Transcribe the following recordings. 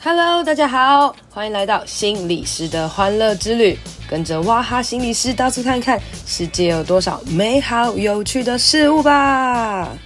Hello，大家好，歡迎來到心理師的歡樂之旅。跟着哇哈心理師到處看看，世界有多少美好有趣的事物吧。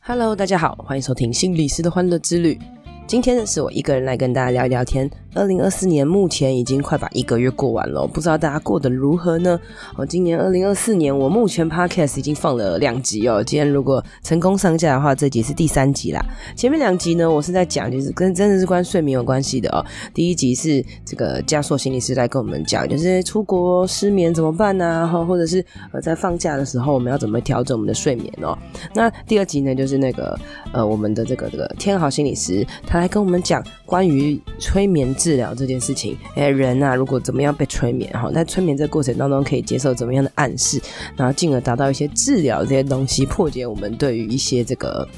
Hello，大家好，歡迎收聽心理師的歡樂之旅。今天是我一個人來跟大家聊一聊天。二零二四年目前已經快把一個月過完了，不知道大家過得如何呢？哦，今年二零二四年我目前 podcast 已經放了兩集哦。今天如果成功上架的話，這集是第三集啦。前面兩集呢，我是在講，就是跟真的是關睡眠有關係的哦。第一集是這個加碩心理師來跟我們講，就是出國失眠怎麼辦呢、啊？或者是呃在放假的時候，我們要怎麼調整我們的睡眠哦？那第二集呢，就是那個呃我們的這個這個天豪心理師，他來跟我們講關於催眠。治療這件事情，哎，人啊，如果怎麼樣被催眠哈，在催眠這個過程當中，可以接受怎麼樣的暗示，然後進而達到一些治療這些東西，破解我們對於一些這個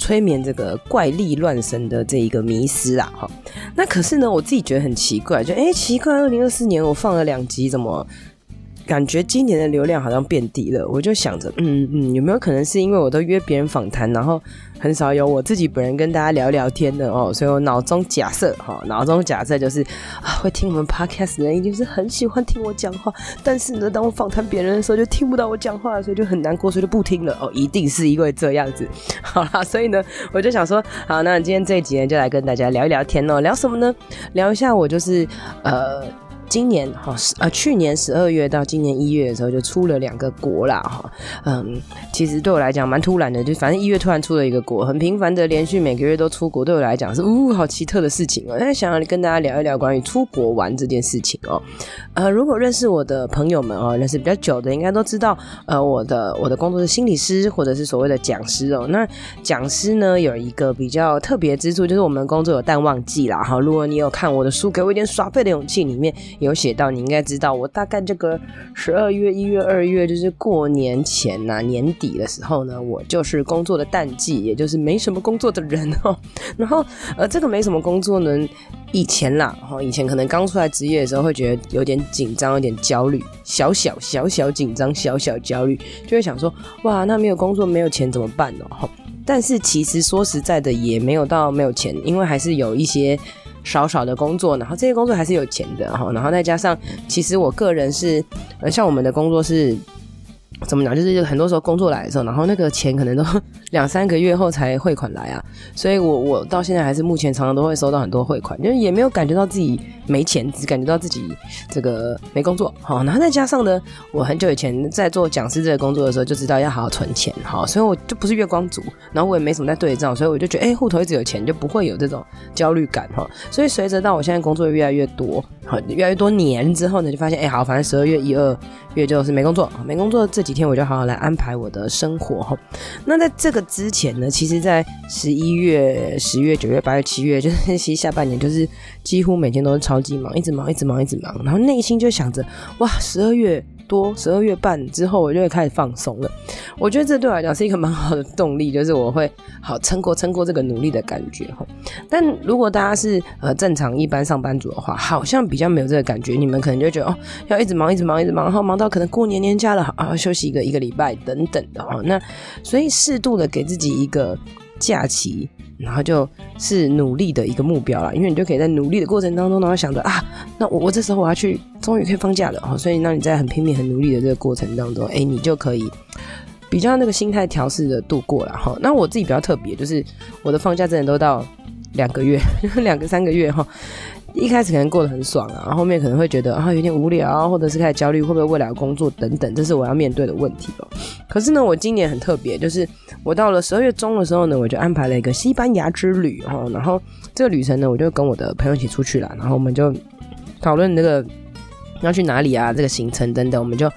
催眠這個怪力亂神的這一個迷思啊，那可是呢，我自己覺得很奇怪，就哎，奇怪，二零二四年我放了兩集，怎麼？感覺今年的流量好像變低了，我就想着，嗯嗯，有沒有可能是因為我都約別人訪談，然後很少有我自己本人跟大家聊聊天的哦，所以我腦中假設哈，腦中假設就是啊，會聽我們 podcast 的人一定是很喜歡聽我講話，但是呢，當我訪談別人的時候就聽不到我講話，所以就很難過，所以就不聽了哦，一定是因為這樣子。好啦，所以呢，我就想說，好，那今天這一集呢，就來跟大家聊一聊天哦，聊什麼呢？聊一下我就是呃。今年哈，呃、哦、去年十二月到今年一月的時候，就出了兩個國啦哈。嗯，其實對我來講蠻突然的，就反正一月突然出了一個國，很頻繁的連續每個月都出國，對我來講是嗚、哦、好奇特的事情哦。那想要跟大家聊一聊關於出國玩這件事情哦，呃，如果認識我的朋友們哦，認識比較久的應該都知道呃，我的我的工作是心理師或者是所謂的講師哦，那講師呢有一個比較特別之處就是我們工作有淡旺季啦哈。如果你有看我的書《給我一點耍廢的勇氣》裡面。有寫到，你應該知道，我大概這個十二月、一月、二月，就是過年前吶、啊，年底的時候呢，我就是工作的淡季，也就是沒什麼工作的人哦。然後，呃，這個沒什麼工作呢，以前啦，哈，以前可能剛出來職業的時候，會覺得有點緊張，有點焦慮，小小小小緊張，小小焦慮，就會想說，哇，那沒有工作，沒有錢怎麼辦哦？但是其實說實在的，也沒有到沒有錢，因為還是有一些。少少的工作，然後這些工作還是有錢的哈，然後再加上，其實我個人是，呃，像我們的工作是。怎麼講？就是很多時候工作來的時候，然後那個錢可能都兩三個月後才匯款來啊。所以我我到現在還是目前常常都會收到很多匯款，就是也沒有感覺到自己沒錢，只感覺到自己這個沒工作哈。然後再加上呢，我很久以前在做講師這個工作的時候，就知道要好好存錢哈。所以我就不是月光族，然後我也沒什麼在對賬，所以我就覺得哎，戶頭一直有錢，就不會有這種焦慮感哈。所以隨着到我現在工作越來越多，好，越來越多年之後呢，就發現哎，好，反正十二月、一、二月就是沒工作，沒工作自己。幾天我就好好來安排我的生活。那在這個之前呢，其實，在十一月、十月、九月、八月、七月，就是其實下半年，就是幾乎每天都是超級忙，一直忙，一直忙，一直忙，然後內心就想着，哇，十二月。多十二月半之後，我就會開始放鬆了。我覺得這對我來講是一個蠻好的動力，就是我會好撐過撐過這個努力的感覺。但如果大家是呃正常一般上班族的話，好像比較沒有這個感覺。你們可能就覺得哦，要一直忙，一直忙，一直忙，然後忙到可能過年年假了，啊，休息一個一個禮拜等等的。那所以適度的給自己一個。假期，然後就是努力的一個目標了，因為你就可以在努力的過程當中，然後想着啊，那我我這時候我要去，終於可以放假了，哦、所以讓你在很拼命、很努力的這個過程當中，哎，你就可以比較那個心態調試的度過了，哈、哦。那我自己比較特別，就是我的放假真的都到兩個月、兩個三個月，哈、哦。一開始可能過得很爽啊，然後後面可能會覺得啊有點無聊、啊，或者是開始焦慮會不會未來的工作等等，這是我要面對的問題哦。可是呢，我今年很特別，就是我到了十二月中的時候呢，我就安排了一個西班牙之旅哈、哦。然後這個旅程呢，我就跟我的朋友一起出去了。然後我們就討論那、這個要去哪裡啊，這個行程等等，我們就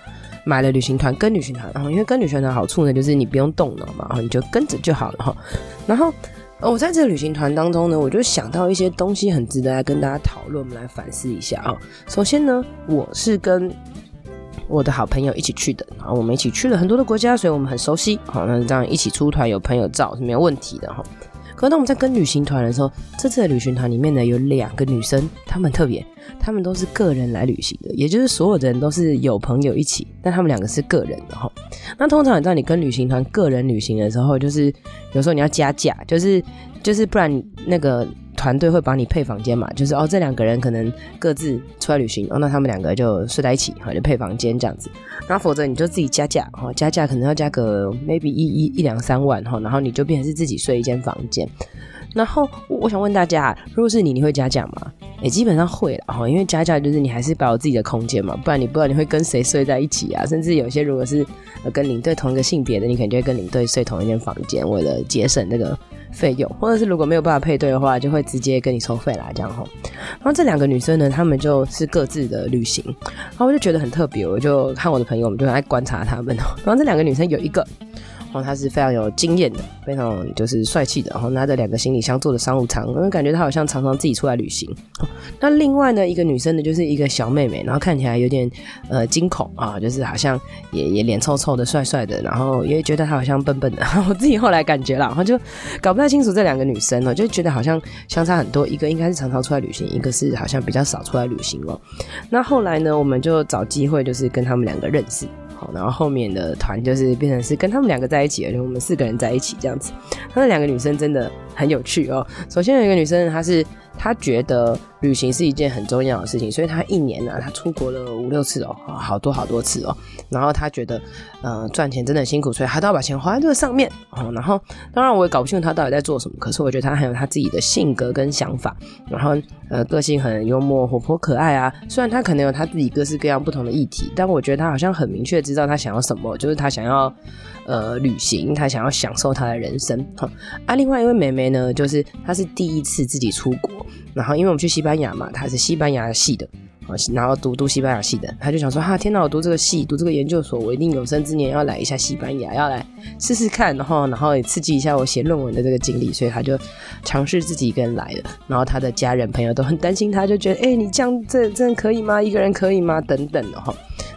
買了旅行團跟旅行團。然後因為跟旅行團的好處呢，就是你不用動腦嘛，然後你就跟着就好了哈。然後。然後呃，我、哦、在這個旅行團當中呢，我就想到一些東西很值得來跟大家討論，我們來反思一下啊、哦。首先呢，我是跟我的好朋友一起去的，然後我們一起去了很多的國家，所以我們很熟悉。好、哦，那這樣一起出團有朋友照是沒有問題的哈。哦可是，當我們在跟旅行團的時候，這次的旅行團裡面呢，有兩個女生，她們特別，她們都是個人來旅行的，也就是所有的人都是有朋友一起，但她們兩個是個人的哈、哦。那通常你知道，你跟旅行團個人旅行的時候，就是有時候你要加價，就是就是不然那個。團隊會幫你配房間嘛？就是哦，這兩個人可能各自出來旅行哦，那他們兩個就睡在一起，好就配房間這樣子。那否則你就自己加價哦，加價可能要加個 maybe 一一一兩三萬哈、哦，然後你就變成是自己睡一間房間。然後我，我想問大家，如果是你，你會加價嗎？哎，基本上會了哦，因為加價就是你還是保有自己的空間嘛，不然你不知道你會跟誰睡在一起啊。甚至有些如果是跟領隊同一個性別的，你可能就會跟領隊睡同一間房間，為了節省那個。費用，或者是如果沒有辦法配對的話，就會直接跟你收費啦，這樣吼、喔。然後這兩個女生呢，她們就是各自的旅行，然後我就覺得很特別，我就看我的朋友，我們就很愛觀察他們、喔。然後這兩個女生有一個。然後她是非常有經驗的，非常就是帥氣的，然後拿着兩個行李箱坐的商務艙，我感覺她好像常常自己出來旅行。那另外呢，一個女生呢就是一個小妹妹，然後看起來有點呃驚恐啊，就是好像也也臉臭臭的、帥帥的，然後也覺得她好像笨笨的。我自己後來感覺了，然後就搞不太清楚這兩個女生哦，就覺得好像相差很多，一個應該是常常出來旅行，一個是好像比較少出來旅行哦。那後來呢，我們就找機會就是跟他們兩個認識。好，然後後面的團就是變成是跟他們兩個在一起，而且我們四個人在一起這樣子，他們兩個女生真的。很有趣哦。首先有一個女生，她是她覺得旅行是一件很重要的事情，所以她一年呢、啊，她出國了五六次哦，好多好多次哦。然後她覺得，呃，賺錢真的很辛苦，所以她都要把錢花在這個上面哦。然後，當然我也搞不清楚她到底在做什麼，可是我覺得她很有她自己的性格跟想法。然後，呃，個性很幽默、活潑、可愛啊。雖然她可能有她自己各式各樣不同的議題，但我覺得她好像很明確知道她想要什麼，就是她想要呃旅行，她想要享受她的人生。啊，另外一位妹妹。呢，就是他是第一次自己出國，然後因為我們去西班牙嘛，他是西班牙系的然後讀讀西班牙系的，他就想說，哈、啊，天哪，我讀這個系，讀這個研究所，我一定有生之年要來一下西班牙，要來試試看，然後，然後也刺激一下我寫論文的這個經歷，所以他就嘗試自己一個人來了，然後他的家人朋友都很擔心他，就覺得，哎，你這樣這真的可以嗎？一個人可以嗎？等等的哈，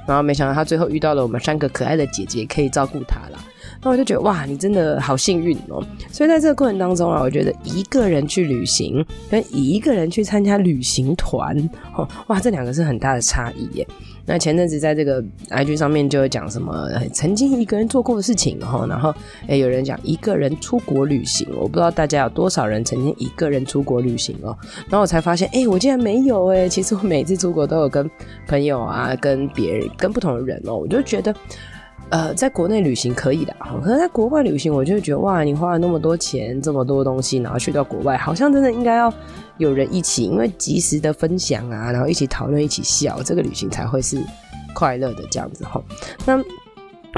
然後沒想到他最後遇到了我們三個可愛的姐姐，可以照顧他了。那我就覺得哇，你真的好幸運哦！所以在這個過程當中啊，我覺得一個人去旅行跟一個人去參加旅行團，哇，這兩個是很大的差異耶。那前陣子在這個 IG 上面就有講什麼曾經一個人做過的事情哦。然後誒有人講一個人出國旅行，我不知道大家有多少人曾經一個人出國旅行哦。然後我才發現，哎，我竟然沒有哎，其實我每次出國都有跟朋友啊、跟別人、跟不同的人哦，我就覺得。呃，在國內旅行可以的，可是在國外旅行，我就會覺得哇，你花了那麼多錢，這麼多東西，然後去到國外，好像真的應該要有人一起，因為即時的分享啊，然後一起討論，一起笑，這個旅行才會是快樂的這樣子哈。那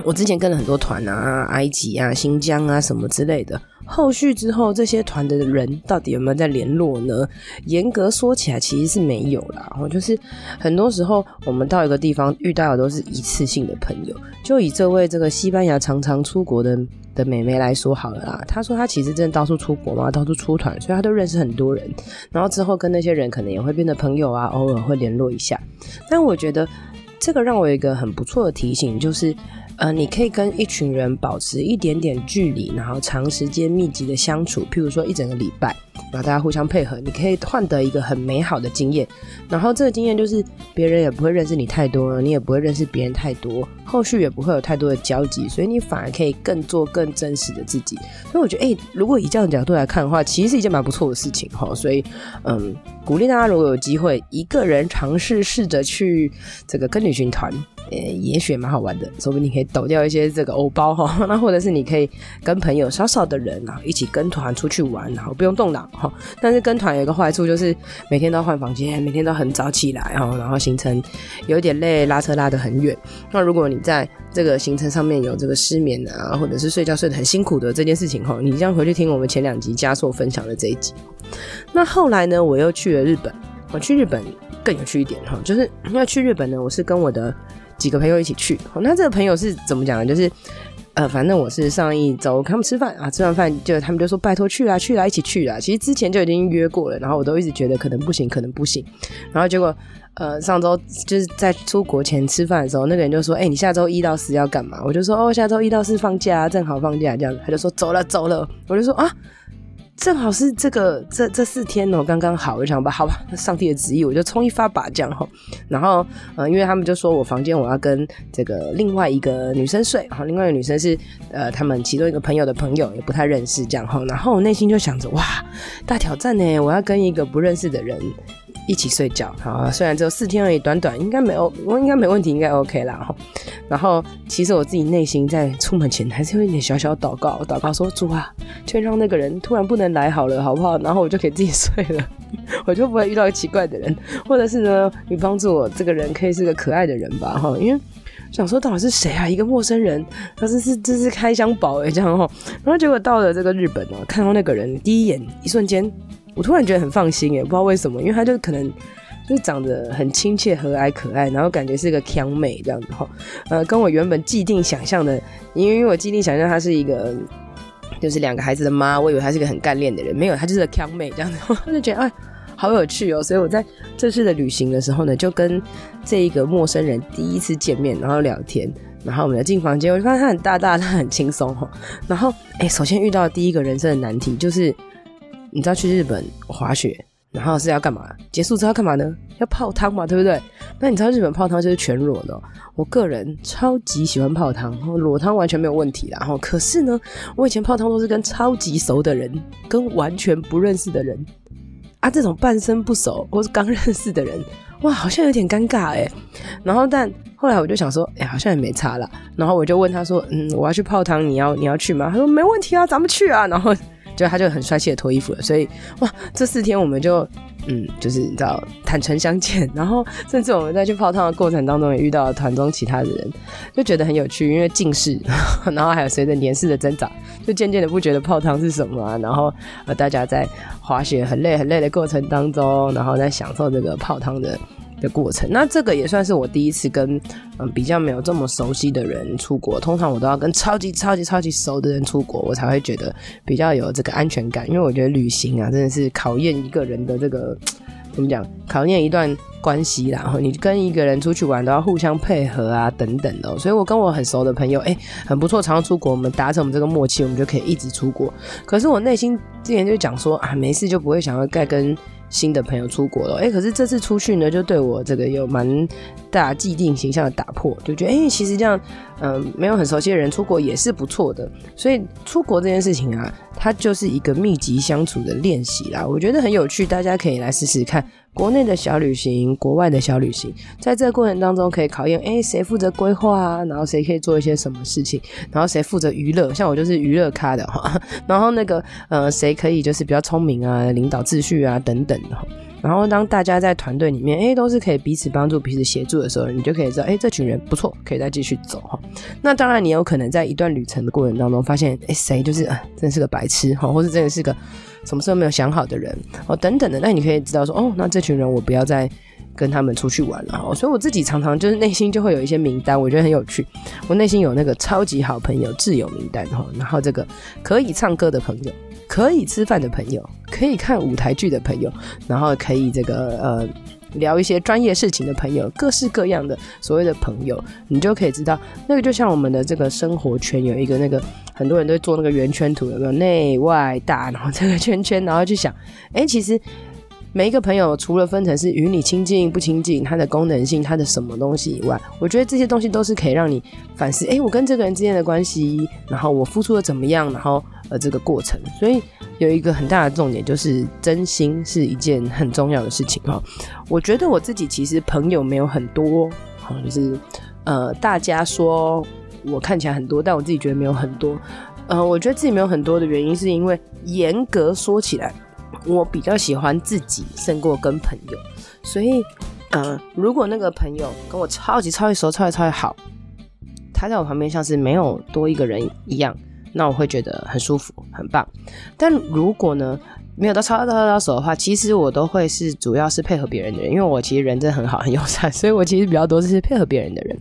我之前跟了很多團啊，埃及啊、新疆啊什麼之類的。後續之後，這些團的人到底有沒有在聯絡呢？嚴格說起來，其實是沒有啦。然後就是很多時候，我們到一個地方遇到的都是一次性的朋友。就以這位這個西班牙常常出國的的美眉來說好了啦，她說她其實真的到處出國嘛，到處出團，所以她都認識很多人。然後之後跟那些人可能也會變得朋友啊，偶爾會聯絡一下。但我覺得這個讓我有一個很不錯的提醒，就是。呃，你可以跟一群人保持一點點距離，然後長時間密集的相處，譬如說一整個禮拜，然後大家互相配合，你可以換得一個很美好的經驗。然後這個經驗就是別人也不會認識你太多，你也不會認識別人太多，後續也不會有太多的交集，所以你反而可以更做更真實的自己。所以我覺得，誒，如果以這樣的角度來看的話，其實是一件蠻不錯的事情哈、哦。所以，嗯，鼓勵大家如果有機會，一個人嘗試試着去這個跟旅行團。呃，也許蠻好玩的，說不定你可以抖掉一些這個歐包哈。那或者是你可以跟朋友少少的人啊，然後一起跟團出去玩，然後不用動腦哈。但是跟團有一個壞處就是，每天都要換房間，每天都很早起來哈，然後行程有一點累，拉車拉得很遠。那如果你在這個行程上面有這個失眠啊，或者是睡覺睡得很辛苦的這件事情哈，你這樣回去聽我們前兩集加速分享的這一集。那後來呢，我又去了日本。我去日本更有趣一點哈，就是要去日本呢，我是跟我的。幾個朋友一起去，那這個朋友是怎麼講的？就是，呃，反正我是上一周他們吃飯啊，吃完飯就他們就說拜託去啊，去啊，一起去啊。其實之前就已經約過了，然後我都一直覺得可能不行，可能不行。然後結果，呃，上周就是在出國前吃飯的時候，那個人就說：“哎、欸，你下周一到四要幹嘛？”我就說：“哦，下周一到四放假，正好放假這樣子。”他就說：“走了，走了。”我就說：“啊。”正好是這個這這四天哦，剛剛好，我想把，好吧，那上帝的旨意，我就衝一发吧，這樣齁。然後，呃，因為他們就說我房間我要跟這個另外一個女生睡，好，另外一個女生是呃他們其中一個朋友的朋友，也不太認識，這樣齁。然後我內心就想着哇，大挑戰呢，我要跟一個不認識的人。一起睡覺，好，啊，雖然只有四天而已，短短應該沒有，我應該沒問題，應該 OK 啦。然後，其實我自己內心在出門前還是有一點小小禱告，禱告說主啊，就讓那個人突然不能來好了，好不好？然後我就可以自己睡了， 我就不會遇到一個奇怪的人，或者是呢，你幫助我，這個人可以是個可愛的人吧？哈，因為想說到底是誰啊？一個陌生人，他是這是這是開箱寶誒、欸，這樣吼。然後結果到了這個日本呢，啊，看到那個人第一眼一瞬間。我突然覺得很放心，也不知道為什麼，因為他就可能就是長得很親切、和藹、可愛，然後感覺是一個強美這樣子哈。呃，跟我原本既定想象的，因為因為我既定想象她是一個就是兩個孩子的媽，我以為她是一個很幹練的人，沒有，她就是強美這樣子。我就覺得哎，好有趣哦、喔。所以我在這次的旅行的時候呢，就跟這一個陌生人第一次見面，然後聊天，然後我們來進房間，我就發現她很大大，她很輕鬆哈。然後哎、欸，首先遇到的第一個人生的難題就是。你知道去日本滑雪，然後是要幹嘛？結束之後要幹嘛呢？要泡湯嘛，對不對？那你知道日本泡湯就是全裸的哦。我個人超級喜歡泡湯，裸湯完全沒有問題啦。然後可是呢，我以前泡湯都是跟超級熟的人，跟完全不認識的人啊，這種半生不熟或是剛認識的人，哇，好像有點尷尬誒。然後但後來我就想說，哎，好像也沒差啦。然後我就問他說，嗯，我要去泡湯，你要你要去嗎？他說沒問題啊，咱們去啊。然後。就他就很帥氣的脫衣服了，所以哇，這四天我們就嗯，就是你知道坦誠相見，然後甚至我們在去泡湯的過程當中也遇到了團中其他的人，就覺得很有趣，因為近視，然後，然後還有隨着年事的增長，就漸漸的不覺得泡湯是什麼啊，然後呃，大家在滑雪很累很累的過程當中，然後在享受這個泡湯的。的過程，那這個也算是我第一次跟嗯比較沒有這麼熟悉的人出國。通常我都要跟超級超級超級熟的人出國，我才會覺得比較有這個安全感。因為我覺得旅行啊，真的是考驗一個人的這個怎麼講，考驗一段關係。然後你跟一個人出去玩，都要互相配合啊等等的。所以我跟我很熟的朋友，誒、欸，很不錯，常常出國，我們達成我們這個默契，我們就可以一直出國。可是我內心之前就講說，啊，沒事就不會想要再跟。新的朋友出國了，哎、欸，可是這次出去呢，就對我這個有蠻大既定形象的打破，就覺得，哎、欸，其實這樣，嗯、呃，沒有很熟悉的人出國也是不錯的，所以出國這件事情啊，它就是一個密集相處的練習啦，我覺得很有趣，大家可以來試試看。國內的小旅行，國外的小旅行，在這個過程當中可以考驗，誒，誰負責規劃啊，然後誰可以做一些什麼事情，然後誰負責娛樂。像我就是娛樂咖的哈，然後那個，呃，誰可以就是比較聰明啊，領導秩序啊等等的哈。然後，當大家在團隊裡面，哎，都是可以彼此幫助、彼此協助的時候，你就可以知道，哎，這群人不錯，可以再繼續走哈。那當然，你有可能在一段旅程的過程當中，發現，哎，誰就是，啊，真是個白痴哈，或是真的是個什麼事都沒有想好的人哦，等等的，那你可以知道說，哦，那這群人我不要再跟他們出去玩了哈。所以我自己常常就是內心就會有一些名單，我覺得很有趣。我內心有那個超級好朋友、摯友名單哈，然後這個可以唱歌的朋友。可以吃飯的朋友，可以看舞台劇的朋友，然後可以這個呃聊一些專業事情的朋友，各式各樣的所謂的朋友，你就可以知道，那個就像我們的這個生活圈有一個那個很多人都做那個圓圈圖，有沒有內外大，然後這個圈圈，然後去想，哎、欸，其實。每一個朋友，除了分成是與你親近不親近，它的功能性、它的什麼東西以外，我覺得這些東西都是可以讓你反思：誒、欸，我跟這個人之間的關係，然後我付出的怎麼樣，然後呃，這個過程。所以有一個很大的重點，就是真心是一件很重要的事情哈。我覺得我自己其實朋友沒有很多，就是呃，大家說我看起來很多，但我自己覺得沒有很多。呃，我覺得自己沒有很多的原因，是因為嚴格說起來。我比較喜歡自己勝過跟朋友，所以，呃，如果那個朋友跟我超級超級熟、超級超級好，他在我旁邊像是沒有多一個人一樣，那我會覺得很舒服、很棒。但如果呢，沒有到超級超級熟的話，其實我都會是主要是配合別人的人，因為我其實人真的很好、很友善，所以我其實比較多是配合別人的人。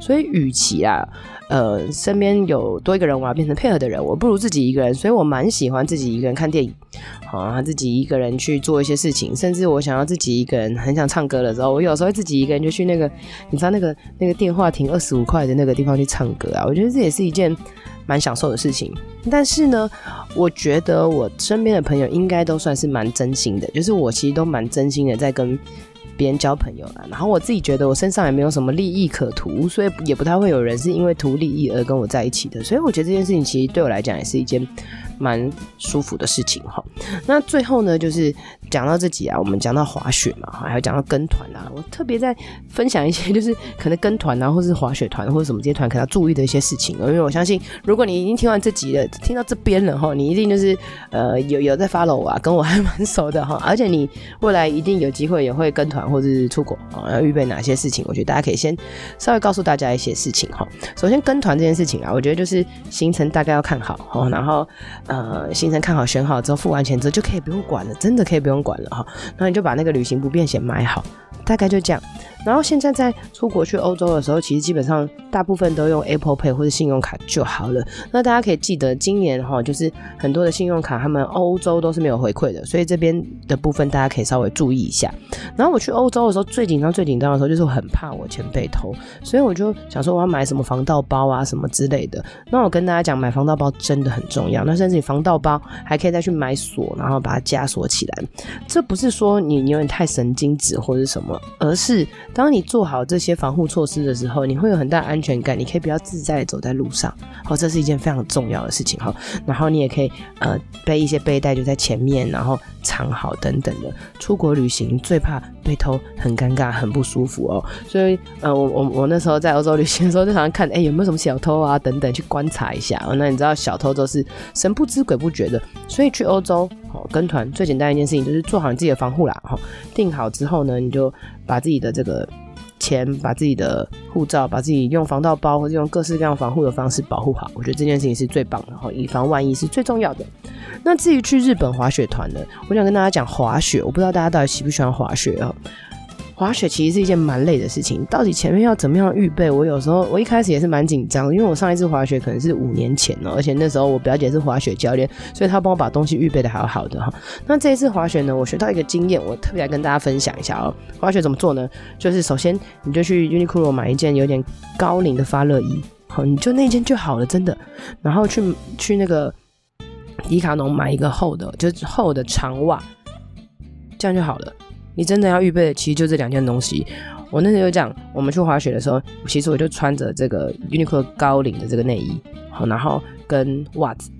所以與，與其啊。呃，身邊有多一個人，我要變成配合的人，我不如自己一個人，所以我蠻喜歡自己一個人看電影，啊，自己一個人去做一些事情，甚至我想要自己一個人很想唱歌的時候，我有時候自己一個人就去那個，你知道那個那個電話亭二十五塊的那個地方去唱歌啊，我覺得這也是一件蠻享受的事情。但是呢，我覺得我身邊的朋友應該都算是蠻真心的，就是我其實都蠻真心的在跟。別人交朋友了，然後我自己覺得我身上也沒有什麼利益可圖，所以也不太會有人是因為圖利益而跟我在一起的，所以我覺得這件事情其實對我來講也是一件。蠻舒服的事情哈。那最後呢，就是講到這集啊，我們講到滑雪嘛哈，還有講到跟團啊，我特別在分享一些，就是可能跟團啊，或是滑雪團或者什麼這些團，可能要注意的一些事情。因為我相信，如果你已經聽完這集了，聽到這邊了哈，你一定就是呃有有在 follow 我啊，跟我還蠻熟的哈。而且你未來一定有機會也會跟團或者是出國啊，要預備哪些事情，我覺得大家可以先稍微告訴大家一些事情哈。首先跟團這件事情啊，我覺得就是行程大概要看好哈，然後。呃，行程看好選好之後，付完錢之後就可以不用管了，真的可以不用管了哈。然後你就把那個旅行不便險買好，大概就這樣。然後現在在出國去歐洲的時候，其實基本上大部分都用 Apple Pay 或者信用卡就好了。那大家可以記得，今年哈、哦，就是很多的信用卡，他們歐洲都是沒有回饋的，所以這邊的部分大家可以稍微注意一下。然後我去歐洲的時候，最緊張、最緊張的時候就是我很怕我錢被偷，所以我就想說我要買什麼防盜包啊什麼之類的。那我跟大家講，買防盜包真的很重要。那甚至你防盜包還可以再去買鎖，然後把它加鎖起來。這不是說你有點太神經質或者什麼，而是。當你做好這些防護措施的時候，你會有很大的安全感，你可以比較自在的走在路上。好、哦，這是一件非常重要的事情哈、哦。然後你也可以呃背一些背帶就在前面，然後。藏好等等的，出國旅行最怕被偷，很尷尬，很不舒服哦。所以，嗯、呃，我我我那時候在歐洲旅行的時候，就常常看，哎，有沒有什麼小偷啊？等等，去觀察一下。哦、那你知道小偷都是神不知鬼不覺的，所以去歐洲哦，跟團最簡單一件事情就是做好你自己的防護啦。哈、哦，定好之後呢，你就把自己的這個。前把自己的護照，把自己用防盜包或者，用各式各樣防護的方式保護好，我覺得這件事情是最棒的，哈！以防萬一，是最重要的。那至於去日本滑雪團呢？我想跟大家講滑雪，我不知道大家到底喜不喜歡滑雪啊、喔。滑雪其實是一件蠻累的事情，到底前面要怎麼樣預備？我有時候我一開始也是蠻緊張的，因為我上一次滑雪可能是五年前了哦，而且那時候我表姐是滑雪教練，所以她幫我把東西預備的還好好的哈、哦。那這一次滑雪呢，我學到一個經驗，我特別來跟大家分享一下哦。滑雪怎麼做呢？就是首先你就去 Uniqlo 買一件有點高領的發熱衣，好，你就那一件就好了，真的。然後去去那個迪卡儂買一個厚的，就是厚的長襪，這樣就好了。你真的要預備的其實就這兩件東西。我那時候就講，我們去滑雪的時候，其實我就穿着這個 Uniqlo 高領的這個內衣，好，然後跟襪子。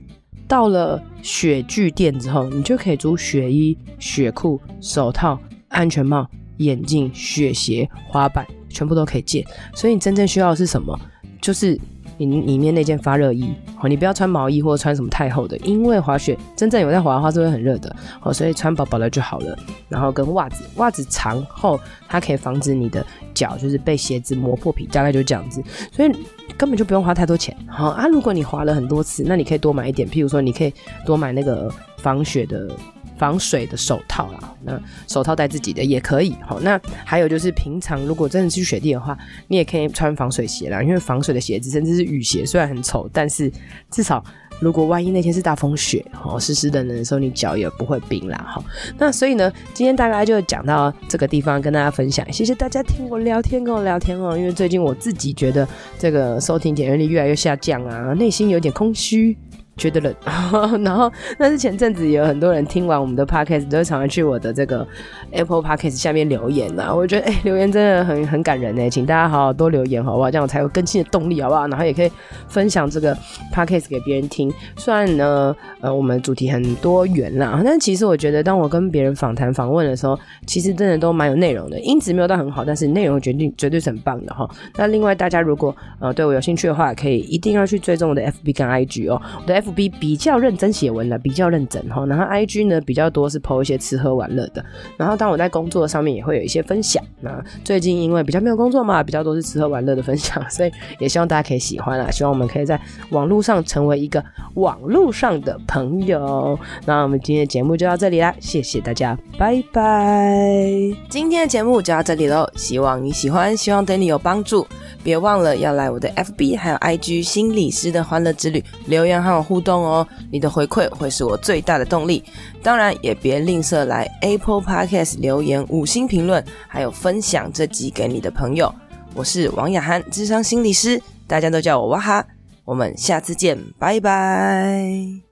到了雪具店之後，你就可以租雪衣、雪褲、手套、安全帽、眼鏡、雪鞋、滑板，全部都可以借。所以你真正需要的是什麼？就是，裡裡面那件發熱衣哦，你不要穿毛衣，或者穿什麼太厚的，因為滑雪真正有在滑的話，是會很熱的哦，所以穿薄薄的就好了。然後跟襪子，襪子長厚，它可以防止你的腳就是被鞋子磨破皮，大概就這樣子。所以根本就不用花太多錢。好啊，如果你滑了很多次，那你可以多買一點，譬如說你可以多買那個防雪的。防水的手套啦，那手套戴自己的也可以，好，那還有就是，平常如果真的去雪地的話，你也可以穿防水鞋啦。因為防水的鞋子，甚至是雨鞋，雖然很醜，但是至少如果萬一那天是大風雪，哦，濕濕的冷的時候，你腳也不會冰啦。好，那所以呢，今天大概就講到這個地方，跟大家分享。謝謝大家聽我聊天，跟我聊天哦、喔。因為最近我自己覺得這個收聽點閱率越來越下降啊，內心有點空虛。覺得了，呵呵，然後但是前陣子也有很多人聽完我們的 podcast 都常常去我的這個 Apple podcast 下面留言啦，我覺得哎、欸，留言真的很很感人呢，請大家好好多留言好不好？這樣我才有更新的動力好不好？然後也可以分享這個 podcast 給別人聽。雖然呢，呃，我們主題很多元啦，但其實我覺得，當我跟別人訪談訪問的時候，其實真的都蠻有內容的。音質沒有到很好，但是內容絕對絕對是很棒的哈。那另外大家如果呃對我有興趣的話，可以一定要去追蹤我的 FB 跟 IG 哦，我的 FB，F B 比較認真寫文了，比較認真，然後 I G 呢比較多是 PO 一些吃喝玩樂的，然後當我在工作上面也會有一些分享。那最近因為比較沒有工作嘛，比較多是吃喝玩樂的分享，所以也希望大家可以喜歡啦，希望我們可以在網絡上成為一個網絡上的朋友。那我們今天的節目就到這裡啦，謝謝大家，拜拜！今天的節目就到這裡嘍，希望你喜歡，希望對你有幫助，別忘了要來我的 F B 還有 I G 心理師的歡樂之旅留言號，和我互。互動哦，你的回饋會是我最大的動力。當然，也別吝嗇來 Apple Podcast 留言、五星評論，還有分享這集給你的朋友。我是王雅涵，諮商心理師，大家都叫我哇哈。我們下次見，拜拜。